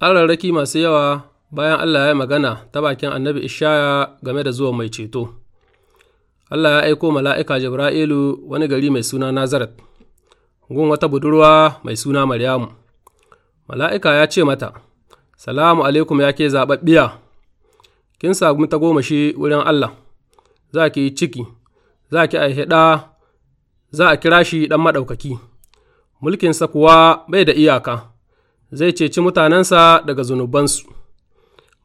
Tsararraki masu yawa bayan Allah ya magana ta bakin annabi Ishaya game da zuwan mai ceto. Allah ya aiko mala'ika Jibra'ilu wani gari mai suna Nazaret, gun wata budurwa mai suna Maryamu. Mala'ika ya ce mata, Salamu alaikum ya ke zaɓaɓɓiya, kin samu ta goma shi wurin Allah, za ki yi ciki, za ki a ɗa, za a kira shi ɗan maɗaukaki, mulkinsa kuwa bai da iyaka. zai ceci mutanensa daga zunubansu.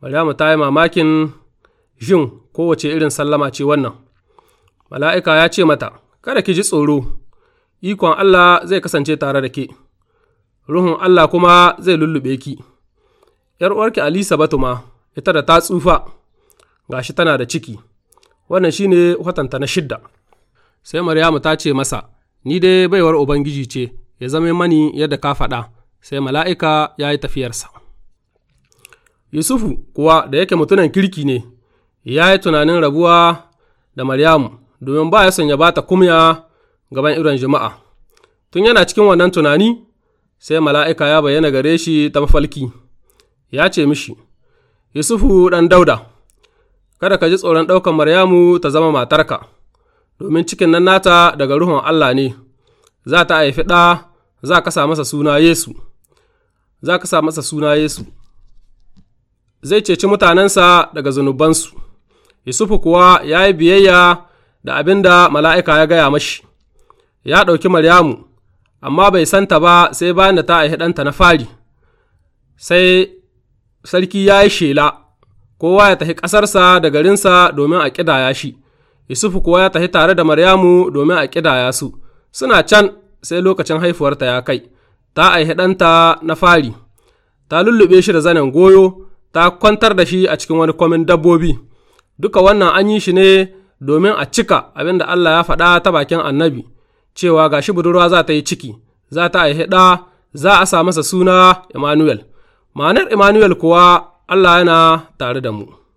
Maryamu ta yi mamakin jin kowace irin sallama ce wannan. Mala'ika ya ce mata, Kada ki ji tsoro, ikon Allah zai kasance tare da ke, Ruhun Allah kuma zai lullube ki. ’Yar uwarki Alisa Batuma, ita da ta tsufa, Ga shi tana da ciki, wannan shi ne watanta na shidda. Sai Maryamu ta ce masa, Ni dai baiwar Ubangiji ce, ya zama mani yadda ka faɗa. sai mala'ika ya yi tafiyarsa. Yusufu kuwa da yake mutunan kirki ne, ya yi tunanin rabuwa da Maryamu domin ba ya son ya bata kumya gaban irin jama'a. Tun yana cikin wannan tunani, sai mala'ika ya bayyana gare shi ta mafalki, ya ce mishi, Yusufu ɗan dauda, kada ka ji tsoron ɗaukan Maryamu ta zama matarka, domin cikin nan nata daga Ruhun Allah ne, za ta haifi ɗa, za ka sa masa suna Yesu. za ka sa masa suna Yesu, zai ceci mutanensa daga zunubansu, Yusufu kuwa ya yi biyayya da abin da mala'ika ya gaya mashi, ya ɗauki Maryamu, amma bai santa ba sai bayan da ta a ɗanta na fari, sai sarki ya yi shela, kowa ya tafi ƙasarsa da garinsa domin a ƙidaya shi, Yusufu kuwa ya tafi tare da Maryamu domin a ƙidaya su, suna can sai lokacin haifuwarta ya kai. ta aihe ɗanta na fari, ta lullube shi da zanen goyo, ta kwantar da shi a cikin wani kwamin dabbobi. Duka wannan an yi shi ne domin a cika abin da Allah ya faɗa ta bakin annabi, cewa gashi budurwa za ta yi ciki, za ta aihe ɗa, za a sa masa suna Emmanuel. Ma'anar Emmanuel kuwa Allah yana tare da mu.